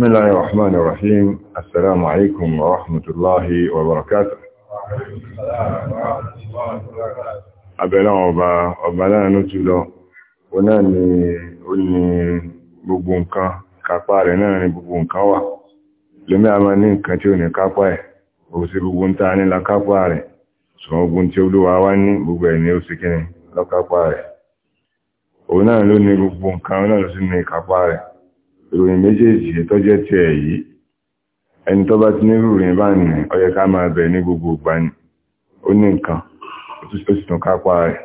بسم الله الرحمن الرحيم السلام عليكم ورحمة الله وبركاته abẹ̀lá ọba ọba láàánú jùlọ o náà ni ó ní gbogbo nǹkan kápá rẹ̀ náà ni gbogbo nǹkan wà lómí a máa ní nǹkan tí ò ní kápá ẹ̀ o sí gbogbo ń taa nílá kápá rẹ̀ ṣùgbọ́n ogun tí olúwa wá ní gbogbo ẹ̀ ní ó sì kíni lọ́kápá rẹ̀ o náà ló ní gbogbo nǹkan náà ló sì ní kápá rẹ̀ ìròyìn méjèèjì tó jẹ́ ti ẹ̀ yìí ẹni tó bá ti ní ìròyìn bá ní ọyẹ ká máa bẹ̀ ní gbogbo ìgbà ni ó ní nǹkan ó sì tún kápá rẹ̀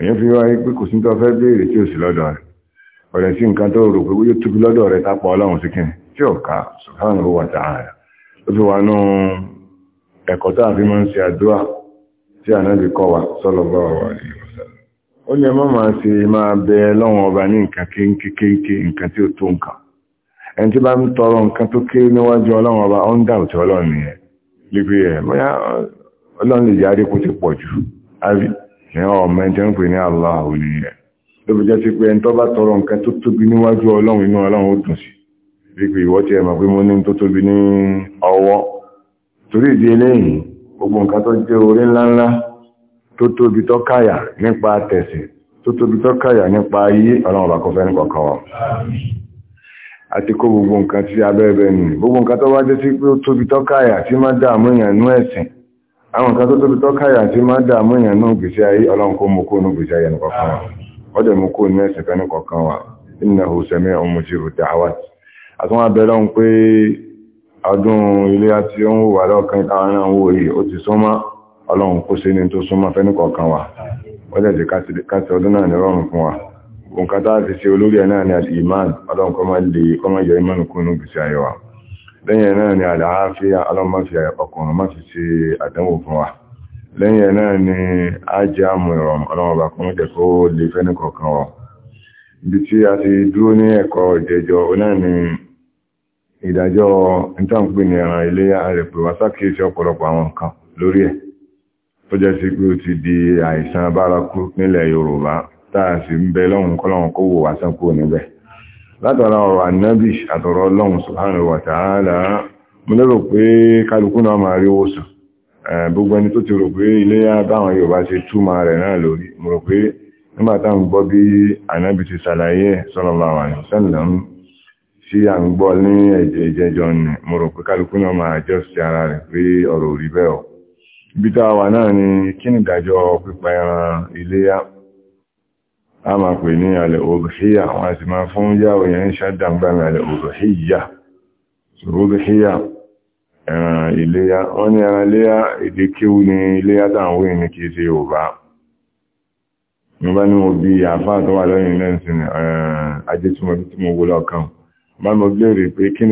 èyàn fi wáyé pé kò sí tó fẹ́ béèrè tí ò sí lọ́dọ̀ rẹ̀ ọ̀rẹ́ sí nǹkan tó rò pé yóò tóbi lọ́dọ̀ rẹ̀ tápọ̀ ọlọ́run sí kí fi wà nú ẹ̀kọ́ a máa ń ṣe àdúrà tí ànábì kọ́ wa ó ní ẹ má máa ṣe máa bẹ lọ́wọ́n ẹni tí bá ń tọrọ nǹkan tó kéré níwájú ọlọ́run ọba ọ́n dàrú tí ọlọ́run nìyẹn lípé ẹ̀ eh, bóyá ọlọ́run lè yára kó ti pọ̀ jù àbí ní ọmọ ẹni tí ń pè ní aláhùn nìyẹn ló fi jẹ́ sí pé ẹni tó bá tọrọ nǹkan tó tóbi níwájú ọlọ́run inú ọlọ́run ó dùn sí lípé ìwọ ti ẹ̀ mọ̀ pé mo ní tó tóbi ní ọwọ́ torí ìdí eléyìí gbogbo nǹkan tó jẹ́ orí ńláńlá tó tóbi tó káyà nípa tẹ̀sìn tó tóbi tó káyà nípa ayé ọlọ́run ọba kọfẹ́ ní kọ̀ọ̀kan wọn àti kó gbogbo nǹkan tí abẹ́ẹ̀bẹ́ ni gbogbo nǹkan tó wá jẹ́ sí pé ó tóbi tọ́kàyà tí má dààmú èèyàn nú ẹ̀sìn àwọn nǹkan tó tóbi tọ́kàyà tí má dààmú èèyàn gbèsè ayé ọlọ́run kó mú kó ayé nìkọ̀kan ọdẹ mú kó ẹ̀sìn ń pé ọdún ilé àti ó ń wà ń wò yìí ní wa nǹkan tá ti ṣe olórí ẹ̀ ni al'iman ọlọ́run kọ́ máa lè kọ́ máa yẹ imánu kúnnú gbèsè àyẹwà ni fi ọkùnrin máa fi ṣe ni ajé àmù ìrọ̀rùn ọlọ́run bá kún a ti dúró ní ẹ̀kọ́ ìjẹjọ náà ni ìdájọ́ ìtàǹpé ni ẹran iléyà rẹ̀ pé wá sákèésí àwọn nǹkan lórí tó sí pé ó taasị ń bẹ lọ́hun kọ́lọ́hun kó wò wá sán kúrò níbẹ̀. látara ọ̀rọ̀ annabi àtọ̀rọ̀ lọ́hun lérò pé kálukú náà rí gbogbo ẹni tó ti rò pé iléyá báwọn Yorùbá ṣe túmọ̀ rẹ̀ náà lórí rò pé ń gbọ́ bí annabi ti ṣàlàyé à ni a a máa pè ní alẹ́ òbíhíyà wọ́n a sì máa fún yàwó yẹn ṣàdàmgbàmì alẹ́ òbíhíyà òbíhíyà ẹran iléyà wọ́n ní ẹran iléyà èdè kíwú ní iléyà tàwọn ní kìí ṣe yorùbá mo bá ní mo bí àfáà tó wà lọ́yìn lẹ́nsìn ajé tí mo tí mo wó lọ́kàn bá mo gbèrè pé kí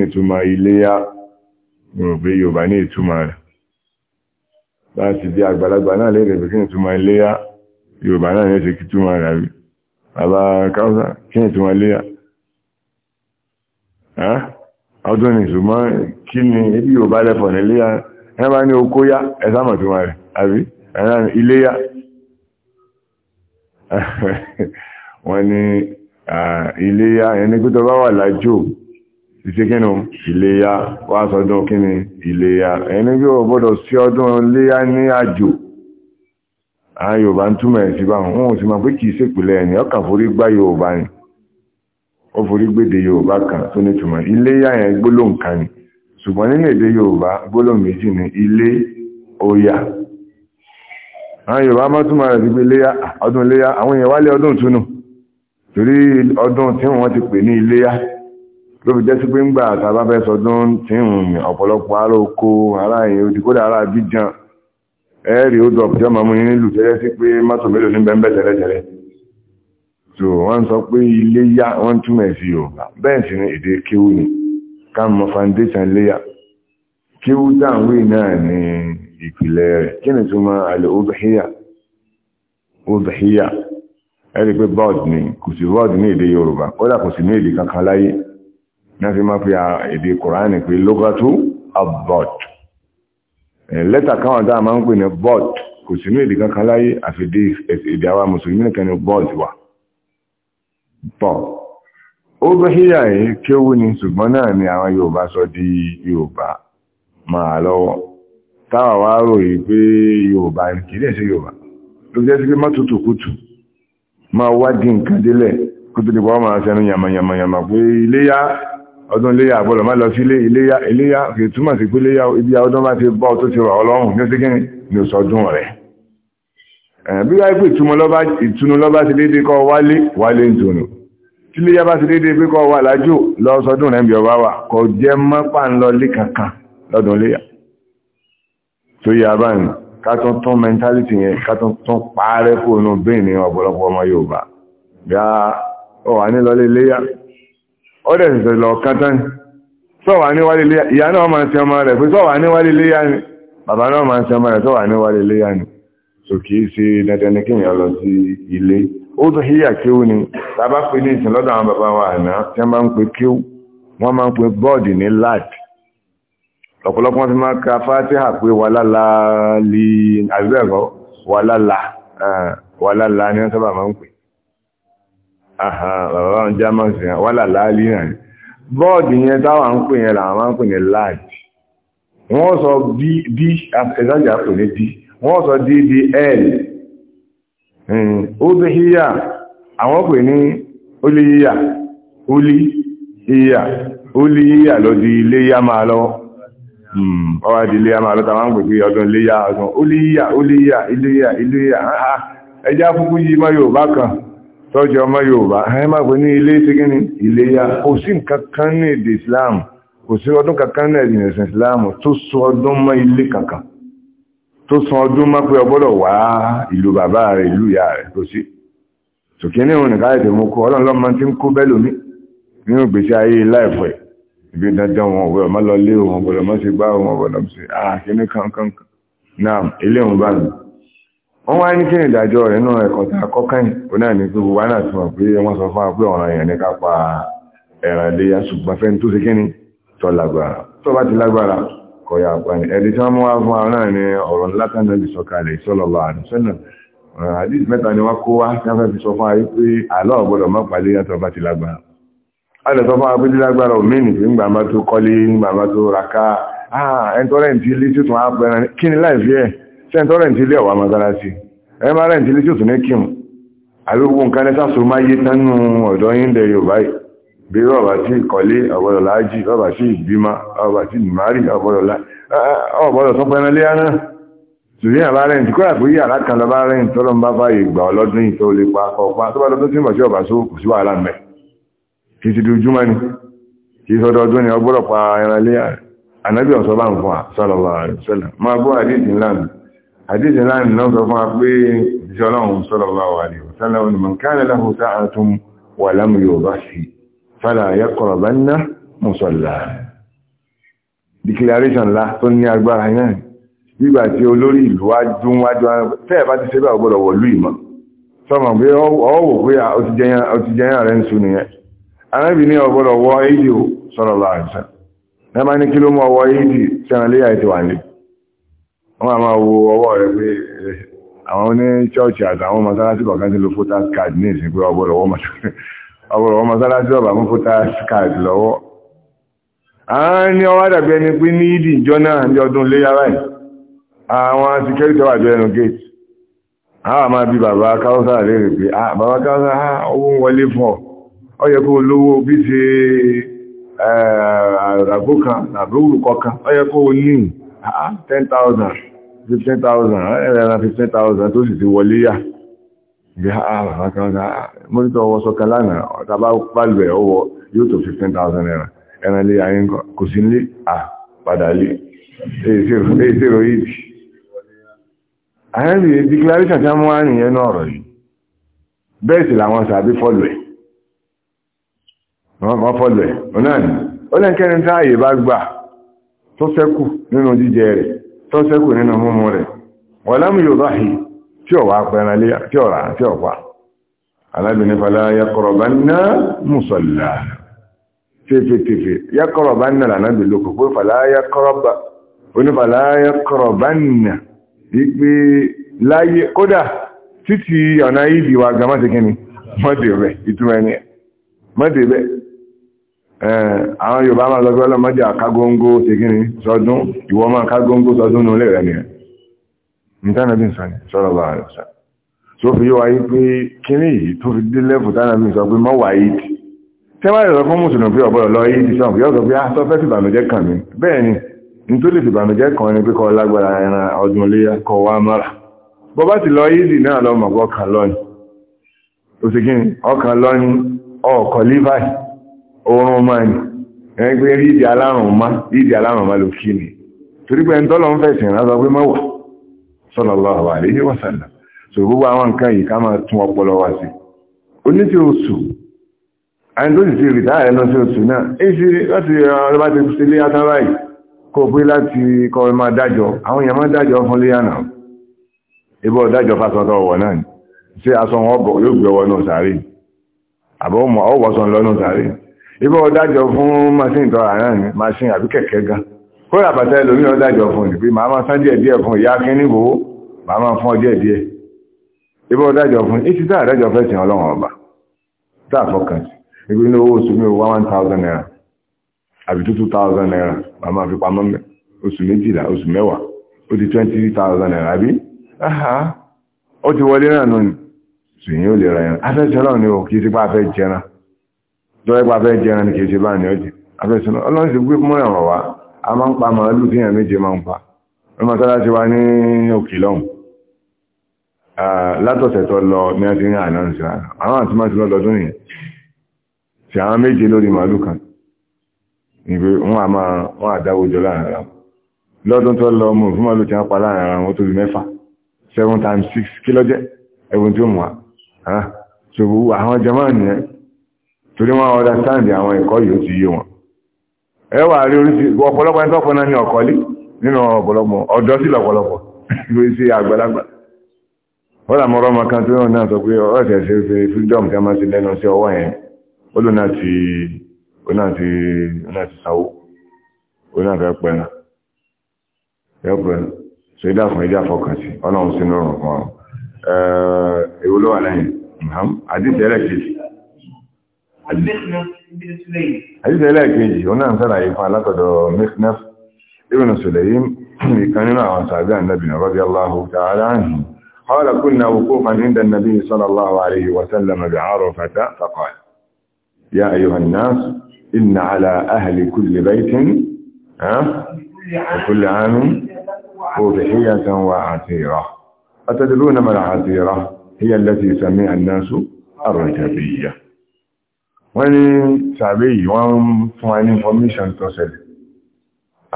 ni bàbá káwọ́sá kí ni ìtumọ̀ léyà ọdún ni ṣùgbọ́n kí ni ibi yóò bá lẹ́fọ̀ ní léyà ẹ̀rọ bá ní okó yá ẹ̀sámọ̀ tó wà rẹ̀ àbí ẹ̀rọ ilé yá wọ́n ní ilé yá ẹni pé tó bá wà lájò ìṣe kí ni ilé yá wá sọdún kí ni ilé yá ẹni pé ò gbọ́dọ̀ sí ọdún léyá ní àjò àwọn yorùbá ń túmọ̀ ẹ̀ sí báwọn wọn ò sì mọ̀ pé kìí ṣèpìlẹ̀ ẹni ọkàn forí gbá yorùbá ni ó forí gbèdè yorùbá kan tó ní túmọ̀ ilé yáyẹn gbólóhùn kan ni ṣùgbọ́n nínú èdè yorùbá gbólóhùn méjì ni ilé oya àwọn yorùbá má túmọ̀ rẹ̀ sí pé léyà ọdún léyà àwọn èèyàn wálé ọdún túnú torí ọdún tí wọ́n ti pè ní iléyà ló fi jẹ́ sí pé ńgbà àtàbáfẹ́ sọdún tí ọ̀pọ̀lọpọ̀ ẹ̀ẹ́rì ó dọ̀pù jọmọ̀ mú nílùú tẹ́lẹ́ sí pé mọ́tò mélòó ní bẹ́ẹ̀ so wọ́n sọ pé ilé yá wọ́n túmọ̀ sí o bẹ́ẹ̀ sì ni èdè kéwú ni ká mọ foundation léyà kéwú dáwé náà ni ìpìlẹ̀ rẹ̀ kí ni túmọ̀ àlẹ́ obìhíyà obìhíyà ẹ̀rí pé bọ́ọ̀dù ni kò sí bọ́ọ̀dù ní èdè Yorùbá kò sí ní èdè kankan láyé náà fi máa fi èdè Kùránì Eh, lẹ́tà káwọn dáa máa ń pè ní bọ́ọ̀d kò sínú èdè kankan láyé àfi èdè àwa mùsùlùmí nìkan ní bọ́ọ̀d wà pọ̀ ó bẹ́ híyà yìí kí ó wú ni ṣùgbọ́n náà ni àwọn Yorùbá sọ di Yorùbá máa lọ́wọ́ táwà wá rò yìí pé Yorùbá kì í dẹ̀ sí Yorùbá ló jẹ́ sí pé má tutù kutù máa wádìí nǹkan délẹ̀ kó tó di pọ́ máa ṣẹnu yàmàyàmàyàmà pé iléyà ọdún iléyà àgbọ́dọ̀ má lọ sí iléyà iléyà kì í túmọ̀ sí pé iléyà ibi ọdún bá ti bọ́ tó ti rọ̀ ọlọ́run ní síkín ní sọdún rẹ̀ bí wáyé pé ìtùnú lọ́bá ti dédé kọ́ wálé wálé ń tùnú tí iléyà bá ti dédé pé kọ́ wà lájú lọ sọdún rẹ̀ bí ọba wà kò jẹ́ mọ́pà ń lọ lé kankan lọ́dún iléyà tó yẹ abáyìn ká tún tún mentality yẹn ká tún tún pààrẹ́ kó inú bẹ́ẹ̀ ní ọ̀pọ̀lọpọ̀ ọmọ Yorùbá bí a wà nílọ lé iléyà ọdẹ̀ ìṣẹ̀lẹ̀ lọ kátán sọ́wà níwálé léyà ìyá náà máa ṣe ọmọ rẹ̀ pé sọ́wà sọ léyà ni bàbá náà máa ṣe ọmọ ni so kìí ṣe dandan ní kíyàn lọ sí ilé ó tó ni tàbá pé ní ìsìn lọ́dọ̀ àwọn bàbá wa àná tí wọ́n máa ń pe máa ń pe ní lad máa ka pé lè ni sábà máa àwọn german sí wà láàlì náà ni bọ́ọ̀dì yẹn táwà ń pè yẹn làwọn máa ń pè ní large wọ́n sọ d ẹ̀dájà pè d wọ́n sọ d l ó bí híyà àwọn pè ní olí híyà olí híyà olí híyà lọ di ilé yá máa lọ hmm, ọwá di ilé yá máa lọ táwọn pè sí ọdún ilé yá ọdún olí híyà olí híyà ilé yá ilé yá ẹjá fúnkú yí mọ́ Yorùbá kan tọ́jú ọmọ yorùbá ẹ máa pè ní ilé tí kíni iléyá kò sí kankan ní èdè islam kò sí ọdún kankan ní èdè ẹ̀sìn islam tó sọ ọdún mọ́ ilé kankan tó sọ ọdún mọ́ pé ọgbọ́dọ̀ wá ìlú bàbá rẹ̀ ìlú ìyá rẹ̀ kò sí tòkí ní òun nìkan ètò mú kó ọlọ́run lọ́mọ tí ń kó bẹ́ẹ̀ lómi nínú ìgbésí ayé láìpẹ́ ibi dandan wọn ọ̀gbọ́dọ̀ ọmọ lọ lé òun ọ̀gbọ́dọ̀ ọmọ sí gbá òun ọ̀gbọ́dọ̀ sí àkíní ah, kankan náà ilé òun bá mi wọ́n wá ní kí ni ìdájọ́ rẹ̀ náà ẹ̀kọ́ tí a kọ́ kẹ́yìn ó náà ní pé wà náà ti mọ̀ pé wọ́n sọ fún wa pé ọ̀ràn èèyàn ní ká pa ẹ̀ràn iléyà ṣùgbọ́n fẹ́ tó ṣe kí ni tó lágbára tó bá ti lágbára kọ̀ yà pa ni ẹ̀rí tí wọ́n mú wá fún wa náà ní ọ̀rọ̀ látàná ni wọ́n kó wá tí wọ́n fẹ́ fi sọ fún wa pé àlọ́ ọ̀gbọ́dọ̀ má palẹ̀ yà tó bá ti lágbára a lè sọ fún wa pé lílágbára ò mí nìfín gbàmá tó kọ́lé gbàmá ah, ni láì fi ẹ̀ sẹ́ntọ́rẹ̀ tí ilé ọ̀wà mọ́sálásí ẹ máa rẹ̀ tí ilé tí ó tún ní kíun àríwó nǹkan ní sáso máa yé tánú ọ̀dọ́ yíndẹ̀ yorùbá bí ọba tí ìkọlé ọ̀bọ̀dọ̀ láàájì ọba tí ìbímá ọba tí ìmárì ọ̀bọ̀dọ̀ tó pẹ́ran lé áná tùrí àbá rẹ̀ tí kọ́yà pé yàrá kan lọ bá rẹ̀ tọ́lọ́ bá bá ìgbà ọlọ́dún yìí tó lè pa ọ̀pá tó bá lọ́dún tí mọ̀ sí ọba só kò sí wàhálà mẹ́ kì í ti dojúmọ́ ni kì í sọdọọdún ni ọgbọ́dọ̀ pa ẹran lé ànábì ọ̀sọ́ bá ń fún wa sọ́lọ́ wa sọ́lọ́ máa gbọ́ àdéhìí ńlá mi àdíjẹ̀ láàrin náà sọ fún pé ìṣọ́lọ́run sallallahu alaihi wasallam man kana lahu sa'atun wa lam yubassi fala yaqrabanna musalla declaration lá tó ní agbára náà nígbà tí olórí ìlú wájú wájú bá ti ṣe bá ọgbọ́dọ̀ wọ́n a máa wo ọwọ́ rẹ̀ pé eh, àwọn oní chọ́ọ̀chì àtàwọn masalasi kọ̀kan ti lo photas card ní ìsìn pé ọwọ masalasi ọba mú photas card lọ́wọ́ àwọn ní ọwọ́ àdàbí ẹni pé ní ìdí ìjọ náà ní ọdún léyàrá ẹ̀ àwọn security wà jọ ẹnu gate àwọn àmà bí bàbá káwọ́sá léèrè pé ah, bàbá káwọ́sá ah, owó wọlé fún ọ yẹ kó lówó bí ṣe eh, kan ọ yẹ kó ní 10,000 ah, fifteen thousand ẹ̀rẹ̀rẹ̀ fifteen thousand tó sì ti wọlé yà bí àwọn kan ah, mọ́tò ọwọ́ sọ́kà lánàá ọ̀tá bá ọwọ́ yóò tó fifteen thousand naira ẹran lé ayé kò sí lé à padà lé èyí sí ìròyìn ìdí àyẹ́rì declaration tí a mú wá nìyẹn náà ọ̀rọ̀ yìí bẹ́ẹ̀ sì làwọn tó sẹ́kù nínú múmú rẹ̀ wọ́lámù yóò bá hì tí ọ̀wà pẹ̀rẹ̀ lé tí ọ̀rà tí ọ̀pá alábìnrin fàlá yakọ̀rọ̀bá ná mùsọ̀lá tètètètè yakọ̀rọ̀bá ná lànàbì lókò pé fàlá yakọ̀rọ̀bá onífàlá yakọ̀rọ̀bá ná wípé láyé kódà títí ọ̀nà ìdíwà gamá ti àwọn Yorùbá máa lọ́gbẹ́ ọlọ́mọdé àkágóngó tegini sọdún ìwọ máa kágóngó sọdún ní olè rẹ̀ nìyẹn nítànàbí sọ ni sọ́rọ̀ bá rẹ̀ sọ tó fi yíwa yí pé kíní yìí tó fi dé lẹ́fù tánàbí sọ pé mọ́ wà yìí fún mùsùlùmí ọ̀bọ̀rọ̀ lọ yìí ti sọ pé pé ah, a sọ fẹ́ kàn mí bẹ́ẹ̀ ni ni pé kọ́ lágbára oorun máa ní ẹgbẹ́ rí ìdí alárùn má ìdí alárùn má ló kí ni torí pé ẹntọ́lọ́ ń fẹ̀sìn rán sọ pé mọ́ wà sallallahu alaihi wa sallam so gbogbo àwọn nǹkan yìí ká máa tún ọpọlọ wá sí oníṣe oṣù àyìn tó sì ti rìtá ẹ̀ lọ sí oṣù náà èyí sí láti ọlọ́ba ti fi sílé atára yìí kó pé láti kọ́ ẹ máa dájọ́ àwọn èèyàn máa dájọ́ fún léyànà ibò dájọ́ fásọtọ̀ ọ̀wọ̀ náà ni ṣé aṣọ wọn yóò gbé ọwọ́ náà sáré àbọ̀ ọwọ́ sọ lọ́nà sáré ibọ́ ọdájọ́ fún masin tọ́ra náà ni masin àbí kẹ̀kẹ́ gan kó ràbàtà ẹlòmí ọdájọ́ fún ní pé máa máa sán díẹ̀ díẹ̀ fún ìyá kí níbo máa máa fún ọdíẹ̀ díẹ̀ ibọ́ ọdájọ́ fún ní títà àdájọ́ fẹ́ sìn ọlọ́run ọba tá àfọkàn sí ibi ní owó oṣù mi owó one thousand naira àbí two thousand naira máa máa fi pamọ́ oṣù méjìlá oṣù mẹ́wàá ó di twenty three thousand naira àbí ó ti wọlé náà nù ní sùn yín ó lè ra ẹran afẹ́sẹ̀ ọlọ́run ni ò kì í ti pa afẹ́ jẹran lọ́wọ́ fẹ́ jẹran ní kìí bá ní ọjì afẹ́sùnà ọlọ́run sì gbé mọ́ ẹ̀wọ̀n wá a máa ń pa màálù tí èèyàn méje máa ń pa ti wá ní òkè lọ́hùn látọ̀sẹ̀ tó lọ ní ẹni ní àná àwọn àti máa ti lọ lọ́dún àwọn méje lórí màálù kan wọn wọn àdáwò jọ láàrin ara lọ́dún tó lọ mú fún màálù tí wọ́n pa láàrin ara wọn tó di torí wọ́n ọ̀dá sáàndì àwọn ẹ̀kọ́ yóò ti yé wọn ẹwà rí oríṣi ọ̀pọ̀lọpọ̀ ẹni tọ́pọ̀ náà ní ọ̀kọ́lé nínú ọ̀pọ̀lọpọ̀ ọ̀dọ́ sí lọ̀pọ̀lọpọ̀ lórí sí àgbàlagbà wọ́n làmọ́ ọmọ kan tó náà sọ pé ọ̀rẹ́ ṣe ṣe freedom tí a máa ti lẹ́nu sí ọwọ́ yẹn ó lò náà ti ó náà ti ó náà ti sáwó ó náà fẹ́ pẹ́ náà fẹ́ pẹ́ ṣe dá fún ẹjá fọkàn sí ọlọ́run sínú ọ̀rùn kan ẹ̀ẹ́ èwo ló wà lẹ́yìn àdìsẹ́lẹ̀ kejì المخنف ابن سليم هذا لا يجي هنا مثلا يفعل قد مخنف ابن سليم كان مع صاحب النبي رضي الله تعالى عنه قال كنا وقوفا عند النبي صلى الله عليه وسلم بعرفة فقال يا أيها الناس إن على أهل كل بيت وكل عام فضحية وعثيرة أتدلون ما العثيرة هي التي سمع الناس الرجبيه wọ́n ní sàbé yìí wọ́n ń fún wa ní information tó ṣẹlẹ̀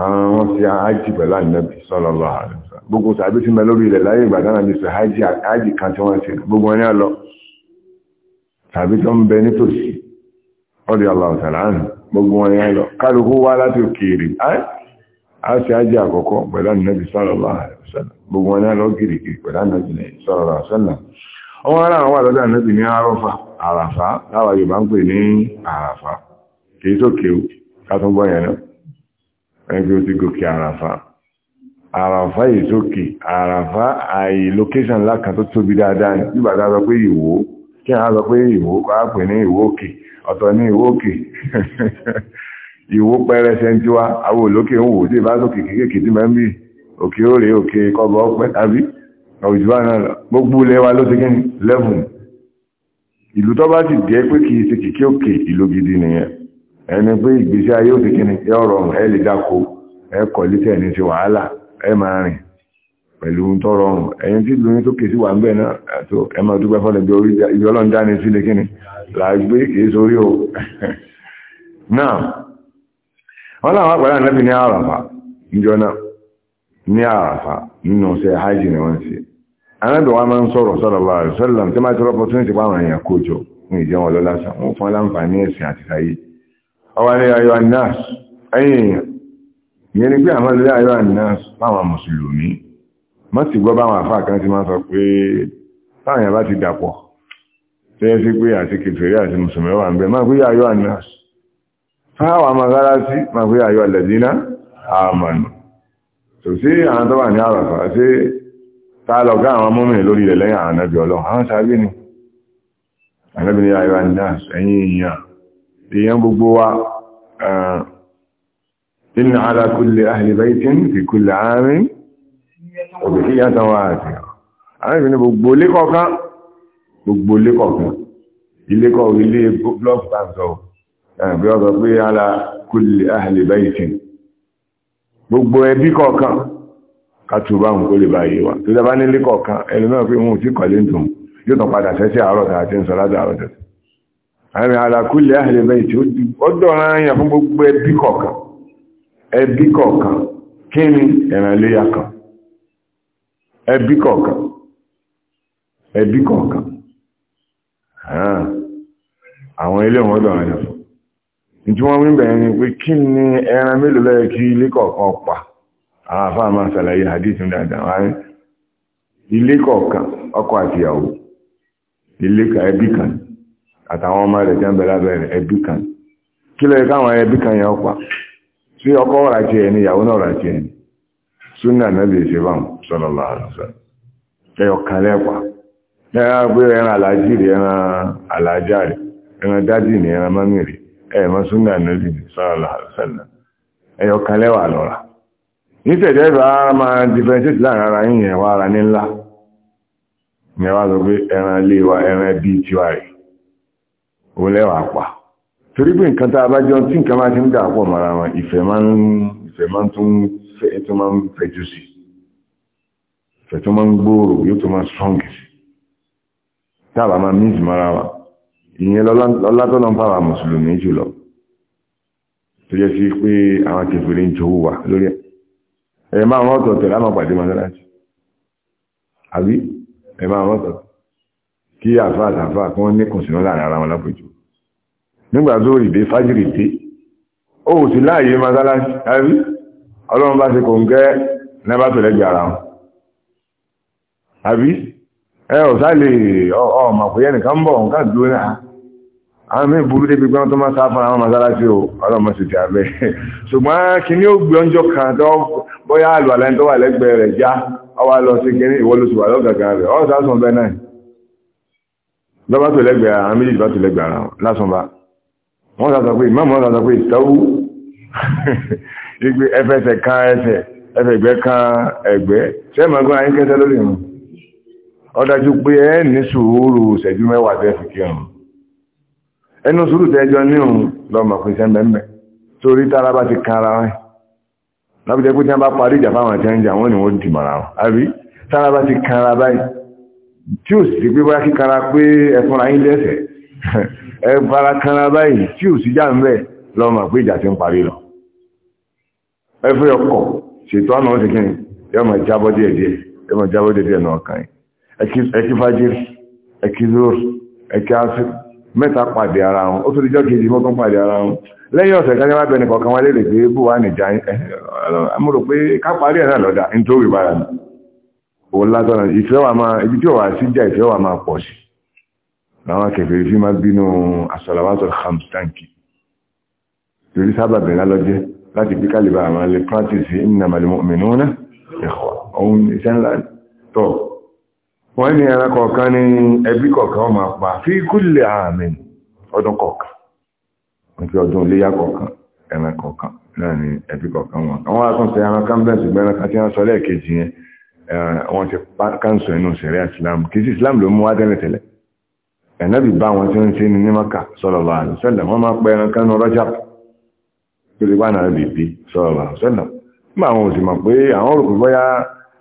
àwọn sí àájì pẹ̀lú ànábì sallallahu alaihi wasallam gbogbo sàbé tí mẹ lórí ilẹ̀ láyé ìgbà náà ní sọ àájì kan tí wọ́n ṣe gbogbo wọn ní àlọ́ sàbé tó ń bẹ nítòsí ọdí Allahu ta'ala anhu gbogbo wọn ní àlọ́ kálukú wá láti òkèèrè á sí àájì àkọ́kọ́ pẹ̀lú ànábì sallallahu alaihi wasallam àràfá láwà Yorùbá ń pè ní àràfá kìí sókè ó kátúngbọ́ yẹn náà ẹni pé ó ti gòkè àràfá àràfá ìsókè àràfá àyè location ńlá kan tó tóbi dáadáa nígbà tá a sọ pé ìwò kí a sọ pé ìwò kọ́ á pè ní ìwò òkè ọ̀tọ̀ ní ìwò òkè ìwò pẹrẹsẹ ń tiwa àwọn olókè ń wò tí ìbá sókè kéékèèké tí máa ń bì òkè ó rèé òkè kọ́bọ̀ ọpẹ́ tàbí òjò ìlú tọba bá ti jẹ́ pé kìí ṣe kìkí òkè ìlú gidi nìyẹn ẹni pé ìgbésí ayé òkè kíni ẹ ọ̀rọ̀rùn ẹ lè dáko ẹ kọ̀ lítẹ̀ ní ti wàhálà ẹ máa rìn pẹ̀lú tó rọrùn ẹ̀yìn tí lóyún tó kè sí wà ń bẹ̀ náà ẹ máa dúpẹ́ fọ́lẹ̀ bí orí o náà ní àràfà níjọ náà ní àràfà nínú ọ̀sẹ̀ ni wọ́n anábì wa máa ń sọ̀rọ̀ sallallahu alaihi wasallam tí máa ti rọ́pọ̀ tún ti pàwọn èèyàn kó jọ fún ìjẹun ọlọ́lá sàn wọ́n fún aláǹfààní ẹ̀sìn àti ayé ọwọ́ ní ayọ́ anáàs ẹ̀yìn èèyàn ìyẹn ni pé àwọn ilé ayọ́ anáàs fáwọn mùsùlùmí má sì gbọ́ báwọn àfáà kan ti máa sọ pé táwọn èèyàn bá ti dàpọ̀ tẹ́yẹ́ sí pé tààlọ̀ gá àwọn mọ́mìnì lórí ilẹ̀ lẹ́yìn àwọn ẹbí ọlọ́run àwọn sàábé ni àgbẹ́bìnrin ya ìwà náà ẹ̀yìn èèyàn èèyàn gbogbo wa eh, inna ala kulli ahli baitin fi kulli àárín òbìkí yàtọ̀ wà àti àárín gbogbo ilé kọ̀ọ̀kan gbogbo ilé kọ̀ọ̀kan ilé kọ̀ọ̀kan ilé blọọ̀kì bá ń sọ kátùrú àwọn kó lè bá yé wa tó dábá nílé kọ̀ọ̀kan ẹni náà tí yóò tàn padà sẹ́sẹ́ àárọ̀ tàà tí ń sọ ládà àárọ̀ tẹ̀sí àmì àlàkúlẹ̀ àhìlẹ̀bẹ̀ tí ó dọ̀rọ̀ fún gbogbo ẹbí kọ̀ọ̀kan ẹbí kọ̀ọ̀kan kí ni ẹ̀ràn kan ẹbí kọ̀ọ̀kan ẹbí kọ̀ọ̀kan àwọn ilé wọn àwọn àfáà máa ṣàlàyé àdísùn dáadáa wáyé ilé kọ̀ọ̀kan ọkọ àti ìyàwó ilé ka ẹbí kan àtàwọn ọmọ rẹ̀ jẹ́ bẹ̀rẹ̀ ẹbí kan kí ló káwọn ẹbí kan yẹn ọpa sí ọkọ ọ̀rà tí ẹni ìyàwó náà ẹni súnà náà lè ṣe bá ẹyọ kan lẹ́pa ẹran rẹ̀ ẹran rẹ̀ ẹran ẹran ẹ̀ẹ̀mọ́ súnà náà lè ẹyọ kan lẹ́wà lọ́ra nítẹ̀dẹ́ ìbá ara máa differentiate láàrin ara yìí ẹ̀wà ara ní ńlá ni wá sọ pé ẹran ilé wa ẹran ẹbí tiwa rẹ̀ ó lẹ́wà pa torí pé nǹkan tá a bá jọ tí nǹkan máa ti ń dà pọ̀ mọ́ra wọn ìfẹ́ máa ń tún fẹ̀jú sí ìfẹ́ tó máa ń gbòòrò yóò tó máa strong sí tábà máa mí ìmọ́ra wa ìyẹn lọ́látọ́lọ́ ń fáwà mùsùlùmí jùlọ tó jẹ́ sí pé àwọn kèfèrè ń jowó wa lórí ẹ̀ ẹ̀ máa wọ́n tọ̀tọ̀ láàmà pàdé mọ́sálásí àbí ẹ̀ máa wọ́n tọ̀tọ̀ kí àfáà àtàfáà kí wọ́n níkùn sínú láàrin ara wọn lápòjú nígbà tó rí dé fájìrì dé ó sì láàyè mọ́sálásí àbí ọlọ́run bá ṣe kò ń gẹ́ nẹ́bà tó lẹ́gbẹ̀ẹ́ ara wọn àbí ẹ ọ̀sá lè ọmọ pé ẹnìkan bọ̀ nǹkan dúró náà àwọn mí burú débi gbọ́n tó máa sáfà àwọn masáláṣí o ọlọ́mọ sì ti àbẹ́ ṣùgbọ́n kí ní ó gbé ọjọ́ kan tó bóyá àlù àlẹ́ tó wà lẹ́gbẹ̀ẹ́ rẹ̀ já ọwá lọ sí kí ní ìwọ́lóṣù wà lọ́gàgà rẹ̀ ọ́ sásùn bẹ́ẹ̀ náà lọ́bá tó lẹ́gbẹ̀ẹ́ àwọn méjì bá tó lẹ́gbẹ̀ẹ́ ara lásùn bá wọ́n sásọ pé ìmáàmù sásọ pé ìtọ́wú igbe ẹfẹsẹ̀ kan ẹsẹ̀ ẹfẹ̀gbẹ́ kan ẹgbẹ́ sẹ́mọ̀gbọ́n ayíkẹ́sẹ́ lórí mu ọ̀dájú pé ẹ́ ní sùúrù ṣẹ́jú mẹ́wàá ẹnu sùúrù tẹ́jọ ní òun lọ́mọ̀ fún iṣẹ́ mẹ́mẹ́ torí tára bá ti kan ara wọn lábújẹ́ pé tí wọ́n bá parí ìjà fáwọn àti ẹ̀ńjà wọn ni wọ́n dì mọ̀ra wọn àbí tára bá ti kan ara báyìí tí ò sì pé bá kíkara pé ẹfúnra yín lẹ́sẹ̀ ẹ fara kan ara báyìí tí ò sì já ń bẹ̀ lọ́mọ̀ pé ìjà ti ń parí lọ ẹ fẹ́ ọkọ̀ ṣètò àná ti kí ni yọmọ jábọ́ díẹ̀díẹ̀ yọmọ jábọ́ díẹ̀díẹ̀ náà kàn yín ẹkí fájírì ẹkí zoro ẹkí mẹ́ta pàdé ara wọn ó tó dijọ́ kejì mọ́ tún pàdé ara wọn lẹ́yìn ọ̀sẹ̀ kan yára bẹni kọ̀ọ̀kan wálé lè pé bó wà nìjà mo rò pé ká parí ẹ̀ náà lọ́dà nítorí ìbára mi òun látọ̀nà ìfẹ́ wà máa ibi tí ò wà sí jà ìfẹ́ wà máa pọ̀ sí àwọn akẹfẹ̀ẹ́ fi máa bínú asọ̀làwátọ̀ hamstanki torí sábà bẹ̀rẹ̀ lọ́jẹ́ láti bí kálíbà àwọn alẹ́ practice innamal wọ́n ní ẹran kọ̀ọ̀kan ní ẹbí kọ̀ọ̀kan máa pa fi kúlẹ̀ àmín ọdún kọ̀ọ̀kan àti ọdún iléyá kọ̀ọ̀kan ẹran kọ̀ọ̀kan náà ní ẹbí kọ̀ọ̀kan wọn àwọn akọ́sẹ̀ ẹran kámbẹ̀sì gbẹ́ran kan tí wọ́n sọ lẹ́ẹ̀kejì yẹn wọ́n ti káńsù inú sẹ̀rẹ̀ islam kì í sí islam ló mú wá tẹ́lẹ̀ tẹ́lẹ̀ ẹ̀nàbì bá wọn tí wọ́n ti ní maka sallallahu alaihi wasallam wọ́n máa pẹ́ ẹran kan ní rọ́jà pẹ̀lú ìpánà bìbí sallallahu alaihi wasallam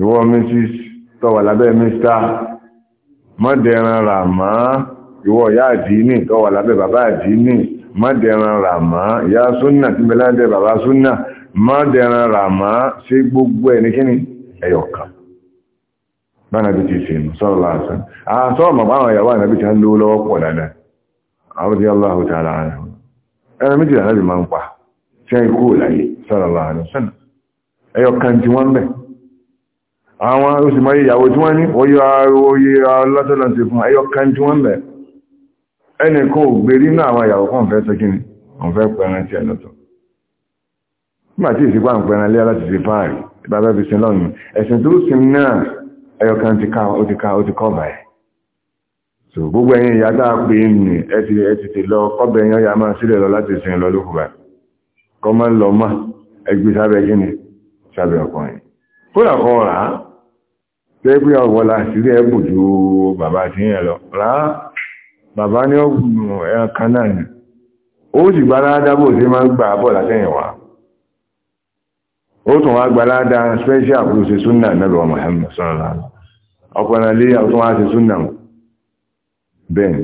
iwọ mrs tọwà lábẹ́ mr mọ́dẹ̀ran rà mọ́ ìwọ ìyá àdínì tọwà lábẹ́ bàbá àdínì mọ́dẹ̀ran rà ìyá súnà tí bàbá súnà mọ́dẹ̀ran rà mọ́ gbogbo ẹni kíni ẹyọkan bára bí ti sinú sọ́rọ̀ lásán àtọ́ọ̀mọ̀ báwọn ìyàwó ànàbí ti ń lówó lọ́wọ́ pọ̀ dáadáa àwọn tí wọ́n àwọn oṣù mọ́ ìyàwó tí wọ́n ní oyè oyè alátọ́lántì fún ẹyọ kan tí wọ́n bẹ̀ ẹnìkan ò gbé rí náà àwọn ìyàwó kan fẹ́ tọ́kí ni wọ́n fẹ́ pẹ̀rẹ̀ tí ẹ̀lọ́tọ̀ nígbà tí ìsìnkú àwọn pẹ̀rẹ̀ lé láti fi fáàrí ìbábẹ́ fi sin lọ́nà ẹ̀sìn tó sin náà ẹyọ kan ti ká ó ti ká ó ti kọ́bà ẹ̀ so gbogbo é nì ẹ ti ẹ ti ti lọ kọ́bẹ̀ ẹ̀yàn ya máa sílẹ̀ lọ láti sin lọ lókùbà kọ́ máa lọ mọ́ ẹgbẹ́ sábẹ́ kí ni sábẹ́ ọkùnrin kódà kan rà á tẹ́ pé ọ̀gbọ́n la sílé ẹ̀bùn ju bàbá tí yẹn lọ rà á bàbá ní ọ̀gbọ̀n kan náà ni ó sì gba aládábò tí máa ń gbà bọ̀ látẹ̀yìn wá ó tún wá gba aládá special fún ṣe súnà nẹ́lọ Muhammad sọ́rọ̀lá ọ̀pọ̀lá lé ọ̀tún wá ṣe súnà mọ̀ bẹ́ẹ̀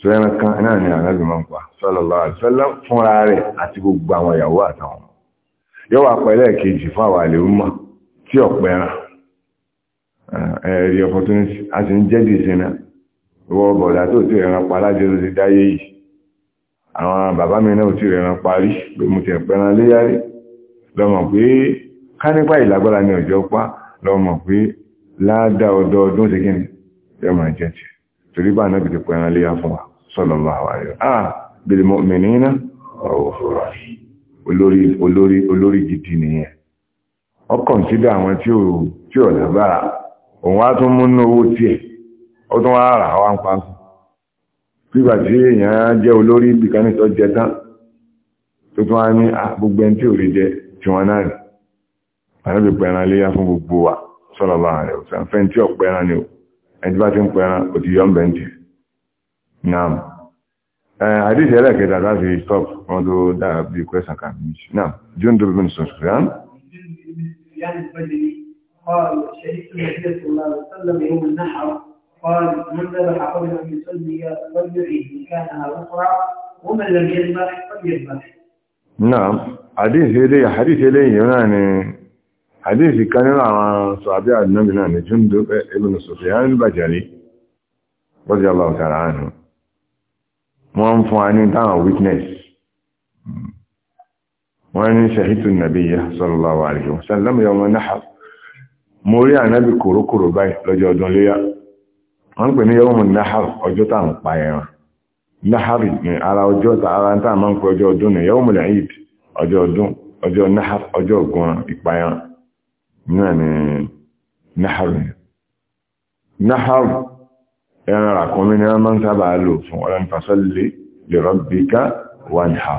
sọ́yẹ́n kan náà ni àrẹ́bì máa yọ́wà pẹ̀lẹ́ kejì fún àwàlẹ̀ ọmọ tí ọ̀pẹ́ ara ẹ̀rí opportunity a sì ń jẹ́dì ìsinmi ìwọ bọ̀dá tó tí ìran pa alájẹ́ ló ti dáyé yìí àwọn bàbá mi náà tí ìran parí pé mo ti ẹ̀pẹ́ran léyárí lọ́mọ pé kánípa ìlágbára ní ọjọ́ pa lọ́mọ pé láàdá ọdọọdún ti kíni yóò máa jẹ́ ti torí bá náà ti pẹ̀ran léyá fún wa sallallahu alaihi ah bil mu'minina olórí olórí olórí gidi nìyẹn ọkọ̀ ń sídá àwọn tí ò lágbára òun wá tún mú ní owó tiẹ̀ ó tún wá rà wá ń pa fígbà tí èèyàn jẹ́ olórí ibìkan nítọ́ jẹ tán tó tún wá ní ah, gbogbo ẹni tí ò rí jẹ tí wọn náà rí àrẹ́bì pẹran léyá fún gbogbo wa sọ́lọ̀bà rẹ̀ òsàn fẹ́ tí ò pẹran ni ò ẹni bá ti ń pẹran ò ti yọ́ ń bẹ̀ ń tì náà àdíṣẹ́ ẹlẹ́kẹta láti stop wọn tó dára bí kwẹ́sàn kàmí náà june dublin سفيان البجلي قال شهدت النبي صلى الله عليه وسلم يوم النحر قال من ذبح قبل ان يصلي فليعيد ان كانها ومن لم يذبح فليذبح. نعم حديث إليه حديث إليه يعني حديث كان مع صحابي النبي يعني جندب ابن سفيان البجلي رضي الله تعالى عنه. wọ́n ń fún wa wani شهدت nabiya sallallahu alaihi عليه وسلم يوم النحر موري nabi بكورو كورو باي لجو دون ليا pè ní yọ́mù náhàr ọjọ́ ta ń pa ẹran náhàrì ní ara ọjọ́ tàà ń tàà máa ń pẹ ọjọ́ ọdún ní yọ́mù lẹ́yìn ọjọ́ ọdún ọjọ́ náhàr ọjọ́ ọgbọ̀n ìpayàn náà ni náhàrì náhàrì ẹran ràkúnmí ni máa ń sábà lò fún lè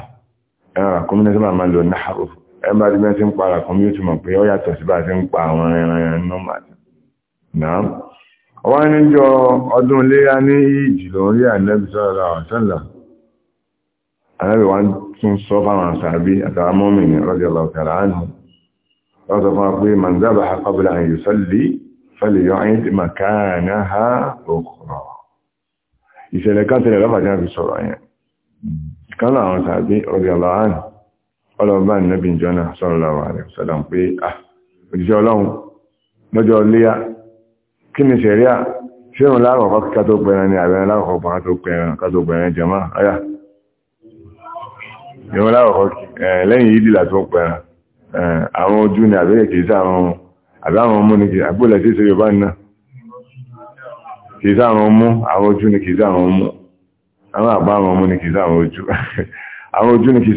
ẹranàkúnmí náà máa lò náàrù ẹgbà tí wọ́n ti ń pa àràkúnmí yóò ti mọ̀ pé ó yàtọ̀ sí bá ti ń pa àwọn ẹran ẹran nọ́mà náà ọwá níjọ ọdún léyá ní ìjìlọ orí ànẹ́bì sọ́rọ̀ ọ̀sẹ́là ànẹ́bì wá tún sọ fáwọn sàbí àtàwọn mọ́mìnì radiyallahu ta'ala anhu lọ́sọ fún pé manzaba qabla an yusalli falyu'id makanaha ukhra ìṣẹ̀lẹ̀ kan tẹ̀lẹ̀ lọ́fà Kan àwọn sàbí ọ̀rẹ́lọ́hàn ọlọ́bá nẹ́bí jọna sọ́rọ̀lọ́wà rẹ̀ sọ́dọ̀ pé ah òjíṣẹ́ ọlọ́run lọ́jọ́ léyá kí ni ṣẹ̀ríà ṣéun láàkọ̀ọ́kọ́ ni àbẹ̀rẹ̀ láàkọ̀ọ́kọ́ ká tó pẹ̀rẹ̀ ká tó pẹ̀rẹ̀ jẹma ayá ìwọ̀n láàkọ̀ọ́kọ́ lẹ́yìn yìí dìlà tó ni àbẹ̀rẹ̀ kìí sáwọn àbáwọn ni àgbòlẹ̀ sí ṣe Yorùbá náà kìí sáwọn ọmọ ni kìí sáwọn àwọn àbáwọn ọmọ ní kìí sáwọn ojú àwọn ojú ní kìí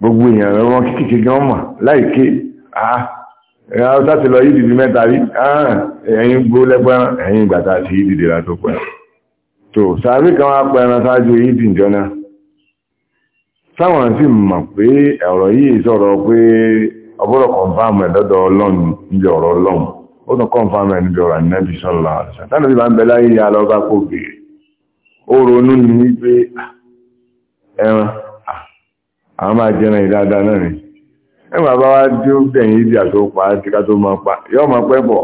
gbogbo èèyàn rẹ̀ wọ́n kíkìkì gan mọ̀ láìké àwọn láti lọ yí dìdì mẹ́ta rí ẹyin gbó lẹ́gbẹ́rán ẹ̀yìn ìgbà tá a ti yí dìdì la tó pẹ̀rẹ̀ tó sàárè kan wá pẹ̀rẹ̀ ṣáájú yí dìjọ́ náà táwọn sì mọ̀ pé ọ̀rọ̀ yìí pé níbi ó tún níbi ó ronú ní wípé ẹran a máa jẹran ìdáadáa náà ni ẹgbà bá wá tí ó gbẹ̀yìn ìdí àtó pa á ti ká tó máa pa yọ́ máa pẹ́ bọ̀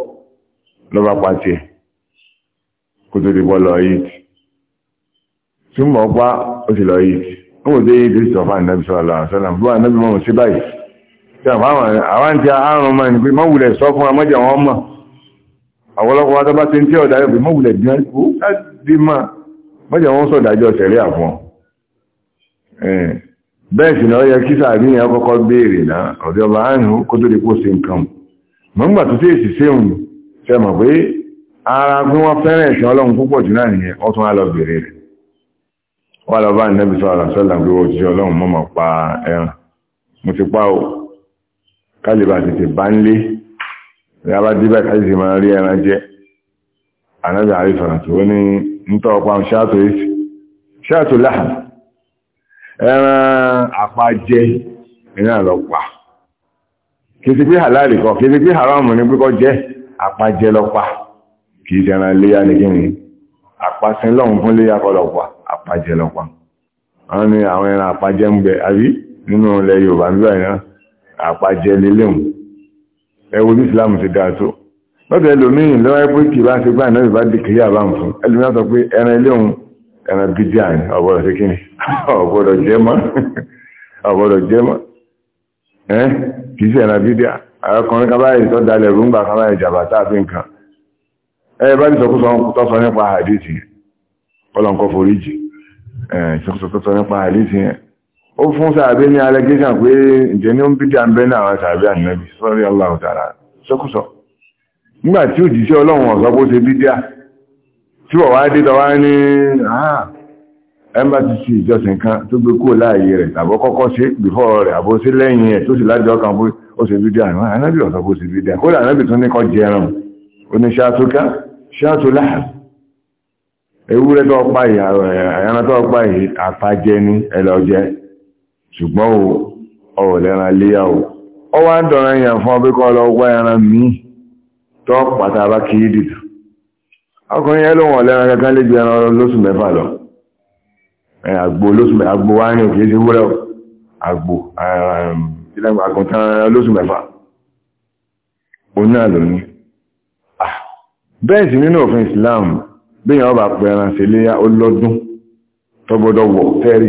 lọ́ba pa tiẹ̀ kó tó ti bọ́ lọ yìí tì túmọ̀ pa ó sì lọ yìí tì ó kò dé yìí tì sọ fún ànábì sọ̀rọ̀ lọ́wọ́ sọ́nà fún ànábì mọ̀ sí báyìí tí àwọn àti àrùn máa ní pé mọ́wùlẹ̀ sọ fún amọ́jà wọn mọ̀ àwọn ọlọ́pàá tó bá ti ń tí ọ̀dà yóò fi mọ́wùlẹ̀ dín mọ́jẹ̀ wọ́n sọ ìdájọ́ tẹ̀lé àfún bẹ́ẹ̀ sì náà yẹ kísà ní ẹ kọ́kọ́ béèrè náà ọ̀dẹ́ ọba àánú kó tó lè kó se nǹkan mọ́ngbà tó sì èsì séhùn ṣe mọ̀ pé ara pín wọ́n fẹ́rẹ̀ ẹ̀sìn ọlọ́run púpọ̀ jù náà nìyẹn wọ́n tún wá lọ béèrè rẹ̀ wọ́n lọ bá nẹ́bí sọ àlàsọ́là pé wọ́n ti ṣe ọlọ́run mọ́mọ́ pa ẹran mo ti pa ò kálíbà tètè bá ń lé ìyá bá dé báyìí káyìí sì máa rí ẹran jẹ ànábì àrífàràtì ó ní nítọ́ ọ̀pá ṣáàtò èsì ṣáàtò láàrín ẹran àpájẹ iná lọ́pàá kìí pé halali kọ kìí pé haram ní pípọ́ jẹ́ àpájẹ lọ́pàá kìí jẹran léyà ní kí ni àpàṣẹ lọ́hùn fún léyà kọ lọ́pàá àpájẹ lọ́pàá wọ́n ní àwọn ẹran àpájẹ ń bẹ àbí nínú ilẹ̀ Yorùbá nígbà náà àpájẹ lélẹ̀hùn ẹ wo ní Islam ti dáa tó lọ́dọ̀ ẹlòmíì lọ́wọ́ pé kì bá ṣe gbà náà bá di kìlí àbá fún ẹlòmíì sọ pé ẹran ilé òun ẹran bídí àní ọ̀gbọ́dọ̀ sí kíni ọ̀gbọ́dọ̀ jẹ́ mọ́ ọ̀gbọ́dọ̀ jẹ́ mọ́ ẹ́ kìí sí ẹran bídí àkọkùnrin kan báyìí tó dalẹ̀ rúmbà kan báyìí jàbá táàfin kan ẹ bá ti sọkúsọ tó sọ nípa àdìsí ọlọ́nkọ́ foríjì sọkúsọ tó sọ nípa àdìsí yẹn ó fún sàbí ní allegation pé ǹjẹ́ ní nígbà tí òjíṣẹ́ ọlọ́run ọ̀sọ́ kó ṣe bídíà tí wọ̀ wá dé tọ́wá ní àà ìjọsìn kan tó gbé kúrò láàyè rẹ̀ tàbọ́ kọ́kọ́ ṣe bìfọ́ rẹ̀ àbó sí lẹ́yìn ẹ̀ tó sì lájọ́ kan bó ó ṣe bídíà àwọn anábì ọ̀sọ́ kó ṣe bídíà kódà anábì tún ní kọ́ jẹran oní ṣáàtúká ṣáàtú láàá ewúrẹ́ tó pa ìyàrá tó pa àpajẹ ní ẹlọ́jẹ́ ṣùgbọ́n ọ̀rọ̀ lẹ́ran léyàwó ọwá ń dọ̀rọ̀ yàn fún ọbẹ́kọ́ lọ wá ẹran míì tọ́ pàtà bá kì í dìtù ọkùnrin yẹn lóhun ọ̀lẹ́ran kankan lè jẹ ẹran lóṣù mẹ́fà lọ àgbò lóṣù mẹ́fà àgbò wá ní òkè sí wúrẹ́ àgbò àgùntàn lóṣù mẹ́fà òun náà ló ní ah, bẹ́ẹ̀ sì nínú òfin Islam bíyàn ọba pẹ̀ran sí léyà ọlọ́dún tọ́gbọ́dọ̀ wọ̀ tẹ́rí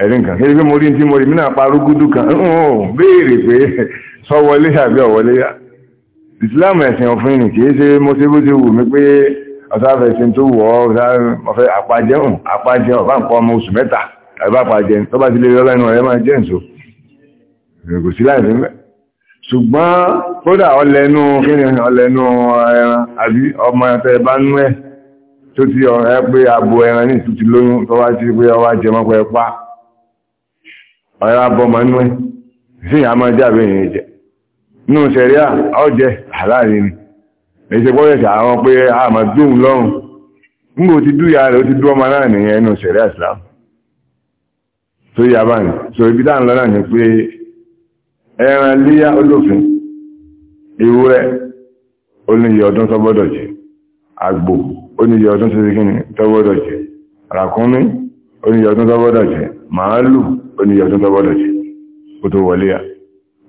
ẹ̀rí nǹkan kí ni mo rí tí mo rí mí náà parúgúdú kan béèrè pé sọ wọlé àbí ọ̀wọlé yá ìsìláàmù ẹ̀sìn ọ̀fin ni kìí ṣe mo ṣe bó ti wù mí pé ọ̀sáfẹ́ ṣe tó wọ̀ ọ́ ọ̀fẹ́ àpajẹun àpajẹ ọ̀bá nǹkan ọmọ oṣù mẹ́ta àbá àpajẹ tó bá ti lè yọ lẹ́nu ọ̀rẹ́ máa jẹ́ ǹso kò sí láì fi mẹ́ ṣùgbọ́n kódà ọlẹ́nu kíni ọlẹ́nu ẹran àbí ọmọ ẹ̀fẹ́ bá nú ẹ̀ tó ti ọ̀rẹ́ pé abo ẹran ní ìtútù lóyún tó wá ti pé ọwá jẹ mọ́ pẹ́ pa ọ̀rẹ́ abọ́ mọ́ nú ẹ̀ sí ìyá máa jáde ìyẹn jẹ nínú ṣẹ̀ríà ọjẹ́ àláàrí ni ẹ̀ṣẹ́ pọ́lẹ̀ àwọn pé a ma dùn lọ́rùn nígbò ti dúyà rẹ̀ ó ti dúọmọ náà nìyẹn nínú ṣẹ̀ríà Islam tó yà bá ní so ibi dáà lọ́nà ni pé ẹran líyá olófin ewúrẹ́ oníyẹ ọdún tọ́gbọ́dọ̀ jẹ ọdún tọ́gbọ́dọ̀ jẹ ràkúnmí oníyẹ ọdún tọ́gbọ́dọ̀ jẹ màálù ọdún tọ́gbọ́dọ̀ jẹ kó tó wọlé yà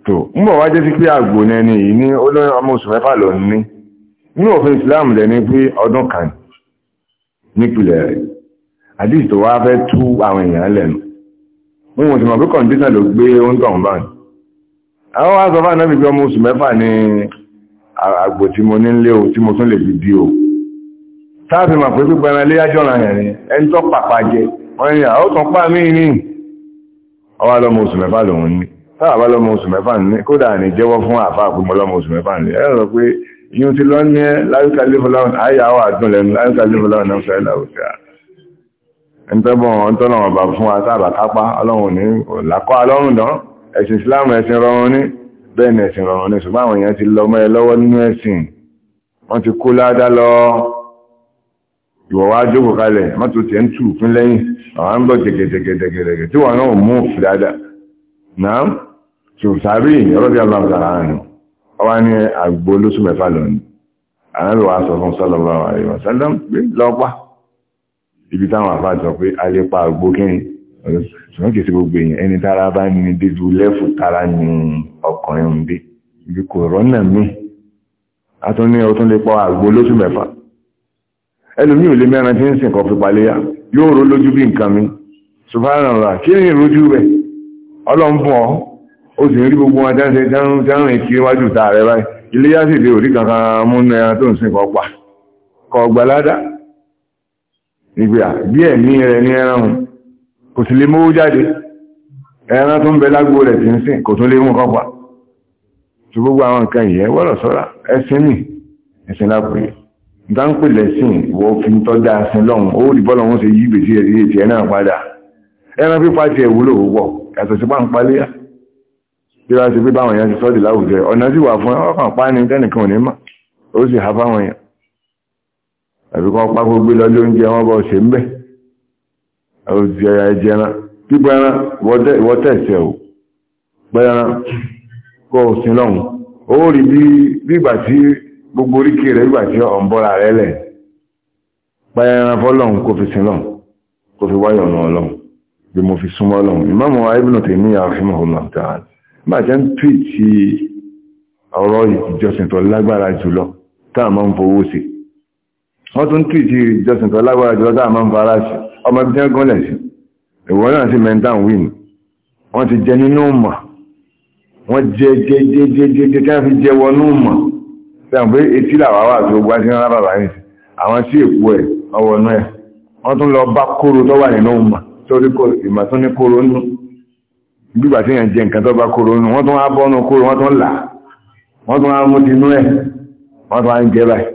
tó ń bọ̀ wá jẹ́ sí pé àgbò nẹni yìí ní olóyìn ọmọ oṣù mẹ́fà lọ ní ní òfin islam lẹ ní pé ọdún kan nípìnlẹ̀ rẹ̀ àdíjì tó wá fẹ́ tú àwọn èèyàn lẹ́nu wọn sì mọ̀ pé kọ̀ǹdíṣà ló gbé oúnjẹ ọ̀hún báyìí àwọn wá sọ fún àná pípé ọmọ oṣù mẹ́fà ní àgbò tí mo nílé o tí mo tún lè fi di o táàfin mọ̀ pé pípa ẹran léyájọ́ ra yẹn ni ẹni tó pàpà jẹ wọ́n ní àwọn tó pa mí ní ọwọ́ àlọ́mọ oṣù mẹ́fà lòún ní táàbá lọ́mọ oṣù mẹ́fà ní kódà ní jẹ́wọ́ fún àfá àpúmọ́ lọ́mọ oṣù mẹ́fà ní ẹ rọ pé yíò ti lọ ní ẹ láríkà léfọláwọn àyàwó àdún lẹ́nu láríkà léfọláwọn náà fẹ́ láwùjá ẹ̀ntẹ́bọ̀n ọ̀ntọ́lọ́wọ̀n bá fún wa táàbà kápá ọlọ́run ní làkọ́ alọ́run dán ẹ̀sìn islam ẹ̀sìn rọrùn ní bẹ́ẹ̀ ni ẹ̀sìn rọrùn ní ṣùgbọ́n àwọn èèyàn ti lọ mọ́ ẹ lọ́wọ́ nínú ẹ̀sìn wọ́n ti kó ládá lọ ìwọ̀ wá jókòó kalẹ̀ mọ́tò tiẹ̀ ń tù fún lẹ́yìn àwọn ń bọ̀ jẹgẹdẹgẹdẹgẹdẹ tí wọn náà mú òfin dáadáa náà ṣùgbàrí ọlọ́dí aláàbàtàrà àánú ọwá ní àgbò olóṣù mẹ́fà lónìí àrẹ́lùwà sọ fún sallallahu alaihi wasallam pé lọ́pá ibi táwọn àfáà sọ pé a lè pa àgbò kẹrin ṣùgbọ́n kìí sí gbogbo èèyàn ẹni tára bá ní dédú lẹ́fù tára ní ọkùnrin ń dé ibi kòrónà mi a tún ní ọtún lè pa àgbò olóṣù mẹ́fà ẹlòmí ò lè mẹ́ran tí ń sìn kan fi paléyà yóò ró lójú bí nǹkan mi subhanallah kí ni ìrójú rẹ̀ ọlọ́mbọ̀n ó sì rí gbogbo wọn dáńsẹ̀ dáńrìn kí wájú ta rẹ̀ báyìí ilé yá sì lè orí kankan múnú ẹran tó ń sin kọ pa kọ gbalada ìgbà bí ẹ̀mí rẹ̀ ní ẹran hùn kò sì lè mówó jáde ẹran tó ń bẹ lágbó rẹ̀ ti ń sìn kò tó lè mú kọ pa tó gbogbo àwọn nǹkan ìyẹn wọ́rọ̀ sọ́ra ẹsìn mi ẹsìn lápòye dáńpè lẹ́sìn ìwọ fi tọ́jà sin lọ́hùn ó rí bọ́lọ́hún ṣe yí gbèsè ẹ̀rí ẹ̀ náà padà ẹran pípa ti ẹ̀wúlò púpọ̀ yàtọ̀ sí páńpálẹ́yà tí wá sí pé báwọn èèyàn ti sọ́dì láwùjọ ọ̀nà sì wà fún ọkàn páni tẹ́nìkan ò ní mọ̀ ó sì ha fáwọn èèyàn àbí kan pákó gbé lọ lóúnjẹ wọn bọ́ ṣe ń bẹ̀ òjì ẹ̀yà ẹ̀jẹran pípẹ́ ẹran ìwọ tẹ̀sẹ̀ ò pẹ́ ẹran kọ́ òsìn lọ́hùn ó rí bí ìgbà tí gbogbo oríkì rẹ̀ ìgbà tí ọ̀nbọ́ra rẹ̀ lẹ̀ pẹ́ ẹran fọ́lọ́hùn kò fi sin lọ́hùn kò fi wáyọ̀ ọ̀nà ọlọ́hùn bí mo fi súnmọ́ lọ́hùn ìmáàmù ibùnà tèmi àfihàn ọ̀nà tààlà bàtẹ́ ń tìtì ọ̀rọ̀ ìjọsìn tó lágbára jùlọ táà máa ń fowó sí wọ́n tún tìtì ìjọsìn tó lágbára jùlọ táà máa ń fara sí ọmọ ibi tí wọ́n gọ́lẹ̀ sí ìwọ náà sí mental win wọ́n ti jẹ nínú mọ̀ wọ́n jẹ jẹ jẹ jẹ jẹ jẹ kí wọ́n fi jẹ wọnú mọ̀ sẹ́wọ̀n pé etí làwà wà tó gbá sí ńlá bàbá yìí àwọn sí èkó ẹ̀ ọwọ́ náà wọ́n tún lọ bá kóró tó wà nínú mọ̀ torí ìmọ̀ tó ní kóró nínú gbígbà tí èèyàn jẹ nǹkan tó bá kóró nù wọ́n tún wá bọ́nu kóró wọ́n tún là wọ́n tún wá mú ti inú ẹ̀ wọ́n tún wá ń jẹ báyìí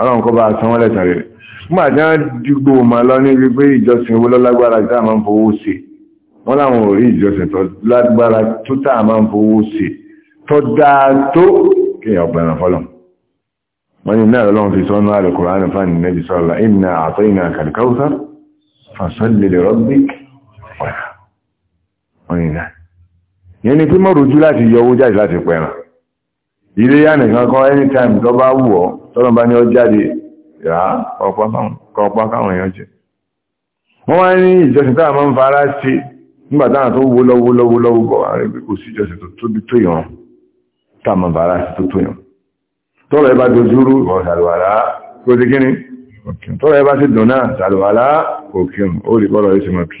ọlọ́run kọ́ bá san wọ́n lẹ́sàn rẹ̀ nígbà tí wọ́n dìgbò mà lọ ní wípé ìjọsìn owó lọ́lágbára tá a máa ń fowó ṣe wọ́n láwọn ò rí ìjọsìn tó lágbára tó tá máa ń fowó ṣe tó dáa tó kéèyàn ọ̀gbẹ̀rún fọlọ́n wọ́n ní náà lọ́wọ́n fi sọ́nù àlùkùránì fáànì nẹ́bí sọ́lá ìnà àtọ́ ìnà kàlùkáwùsà fàṣọ́lẹ̀ rọ́bíkì ọ̀yìnlá yẹn ni pé mọ̀rọ̀jú láti yọ owó jáde láti pẹ̀ràn ilé yá nìkan kọ́ anytime tó bá wù ọ́ tọ́lọ́ bá ní ọ jáde rà kọ́pá káwọn èèyàn jẹ wọ́n wá ní ìjọsìn táà máa ń fara sí nígbà táà tó wó lọ́wọ́ lọ́wọ́ lọ́wọ́ bọ̀ kò sí ìjọsìn tó tóbi tó yàn táà máa fara sí tó tó yàn tọ́lọ̀ ẹ bá dojúrú ọ̀sàlùwàlá kó ti kíni tọ́lọ̀ ẹ bá sì dùn náà sàlùwàlá òkè ó rí bọ́lọ̀ ẹ sì mọ̀ kí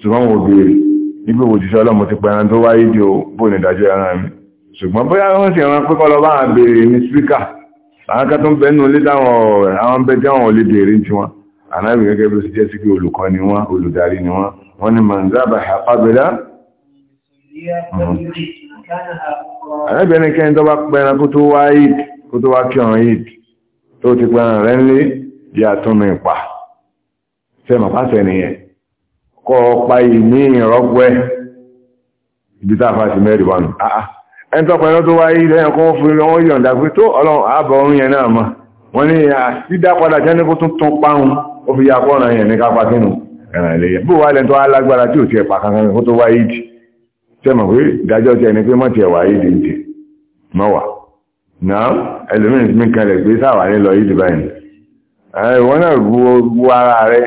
ṣùgbọ́n wọ́n bèèrè níbi òjíṣẹ́ ọlọ́mọ ti pẹran tó wáyé di o bó ní ìdájọ́ ẹran mi ṣùgbọ́n bóyá wọ́n sì ran pẹ́kọ́ lọ bá àwọn bèèrè ní spíkà àwọn kan tó ń bẹnu lé táwọn àwọn bẹ táwọn ò lè bèèrè ní tiwọn ànábì gẹ́gẹ́ bí ó ti jẹ́ sí pé olùkọ́ ni wọ́n olùdarí ni wọ́n wọ́n ni manzaba àpábẹ́dá mhm. ànábì ẹnikẹ́ni tó bá pẹran kó tó wá id kó tó wá kírun id tó ti pẹran rẹ̀ ń lé bí àtúnmí pa sẹ́mọ̀ pàṣẹ nìyẹn kọ́ ọpa ìní ìrọ́pọ̀ ẹ̀ ibi tá a fa sí mẹ́rin wánu ah, ah. ẹni tọ́pọ̀ ẹ̀rọ tó wáyé lẹ́yìn kọ́ fún ilé wọn yọ̀ǹda pé tó ọlọ́run àbọ̀ ọ̀run yẹn náà mọ̀ wọ́n ní àṣídá ah, padà jẹ́ni kó tún tún páhùn ó fi ya kọ́ra yẹn ní kápá kínú ẹ̀ràn ilé yẹn bó wà lẹ́ni tó alágbára tí ò tiẹ̀ pa kankan kó tó wáyé dì tẹ́mọ̀ pé ìdájọ́ tiẹ̀ ni pé mọ̀ tiẹ̀ wáyé dì ń tì mọ̀ wà náà ẹlòmíràn ti mí kan lẹ̀ pé sáwà ní lọ yìí dì báyìí ìwọ náà ru ara rẹ̀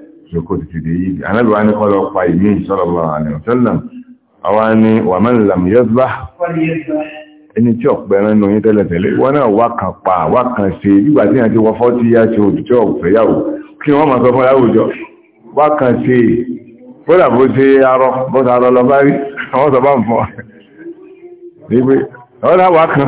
lókò ti dé yìí anábìwá ní kọ́ lọ pa ìmí sallallahu alaihi wasallam àwa ni wa man lam yadhbah ẹni tí ọ̀pẹ ránú yí tẹ́lẹ̀tẹ́lẹ̀ wọ́n náà wá kan pa wá kan ṣe ìgbà tí àti wọ́n fọ́tí yá ṣe òtútọ́ ọ̀fẹ́yàwó kí wọ́n máa bó ṣe arọ bọ́dà arọ lọ bá rí àwọn sọ bá ń fọ́ wọ́n náà wá kan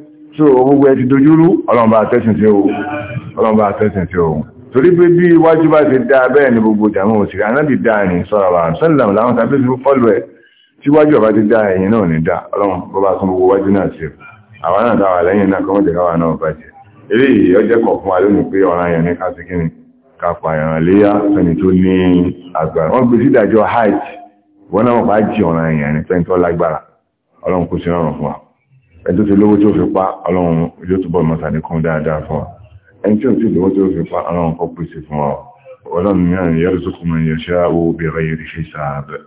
so gbogbo ẹ ti dojúrú ọlọ́mbà àtẹ́sìn tí ó ọlọ́mbà àtẹ́sìn tí ó torí pé bí iwájú bá ti dáa bẹ́ẹ̀ ni gbogbo jàmọ́ òsìrí anábì dáa ní sọ́rọ̀ wa sọ́lọ̀m láwọn tàbí sí fọ́lù ẹ̀ tí iwájú ọba ti dáa ẹ̀yìn náà ní dáa ọlọ́run bọ́bá tún gbogbo iwájú náà sí àwọn náà dáwà lẹ́yìn náà kọ́mọ́ jẹ́ káwà náà bàjẹ́ eré yìí ọjẹ́ ẹ̀tọ́ ti lówó tí ó fi pa ọlọ́run yóò túbọ̀ mọ́sàdínkún dáadáa fún ọ ẹni tí ó ti lówó tí ó fi pa ọlọ́run kọ́ pèsè fún ọ ọlọ́run yóò rí sókùnmọ̀ yẹ̀ṣẹ́ àwọ̀ obìnrin yìí ṣe sáàbẹ̀